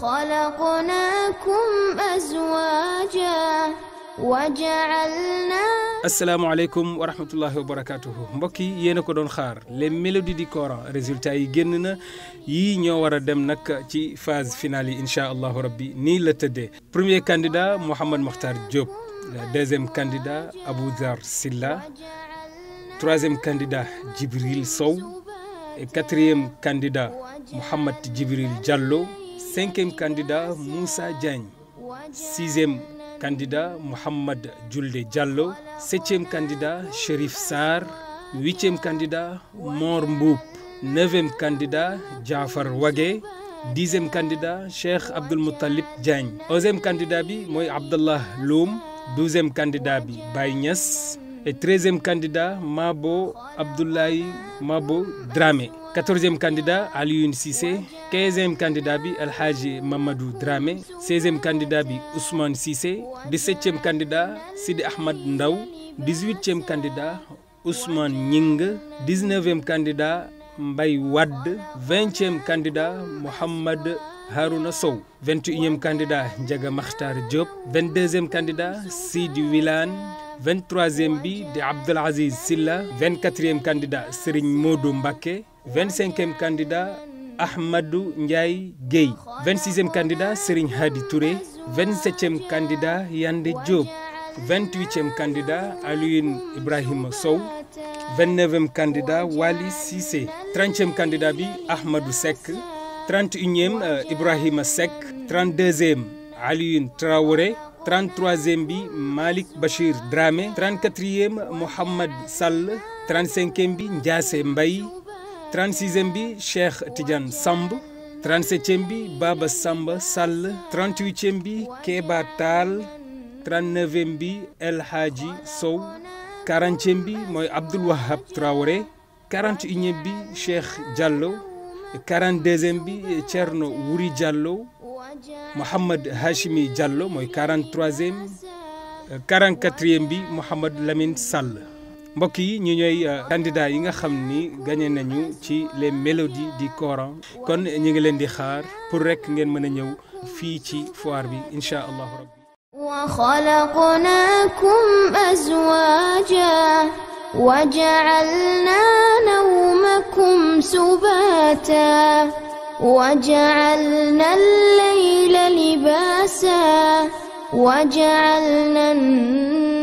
وخلقناكم أزواجا وجعلنا asalaamaaleykum wa rahmatullahi wa barakatuhu mbokk yi yéen a ko doon xaar les mélodies du Coran résultats yi génn na yii ñoo war a dem nag ci phase finale yi allahu rabbi nii la tëddee premier kandida Mouhamad Makhtar Diop deuxième candidat Abou Dar Silla troisième candidat Djibril Sow et quatrième candidat Mouhamad Djibril Diallo cinquième candidat Moussa Diagne sixième candidat Mohamed Julde Diallo septième candidat Chérif Sarr huitième candidat Mor Mboup neuvième candidat Jaafar Wage dixième candidat Cheikh Abdoul Moutalib Diagne onzième candidat bi mooy Abdallah Loum douzième candidat bi Baye Niass Et 13e candidat, Mabo Abdoulaye Mabo Dramé. 14e candidat, Alioune Sissé. 15e candidat, El Hadji Mamadou Dramé. 16e candidat, Ousmane Sissé. 17 Sidi Ahmad Ndaw. 18e candidat, Ousmane Nying. 19e candidat, Mbaye Wad. 20e candidat, Mohamed Harouna Sow. 21e candidat, Diaga Makhtar Diop. 22e candidat, Sidi Wilane. 23e bi di Abdoul Aziz Silla 24e candidat Serigne Modou Mbacké 25e candidat Ahmadou Ndiaye Guèye 26e candidat Serigne Hadi Touré 27e candidat Yande Diop 28e candidat Sow 29e candidat Wali Cissé 30 bi Ahmadou Seck 31e euh, Ibrahima Seck 32e Alioune Traoré 33e bi Malick Bachir Dramé 34e Mouhamad Sall 35e bi Ndiasse mbay 36e bi Cheikh Tidiane Samb 37e bi Baba Samba Sall 38e bi Keba Tall 39e bi El Hadji Sow 40e bi mooy Abdoul Wahab Traoré 41e bi Cheikh Diallo 42e bi Thierno Wuri Diallo Mouhamad Hachimi Diallo mooy 43e 44e bi Mouhamad Lamine Sall mbokk yi ñu ñooy euh, candidat yi nga xam ni gagné nañu ci les mélodies di koran kon ñu ngi leen di xaar pour rekk ngeen mën a ñëw fii ci foire bi incha allahu rabbi wa xalaqnaakum azwaajan wa ja'alnaa nawmakum subaatan وجعلنا الليل لباسا وجعلنا النهار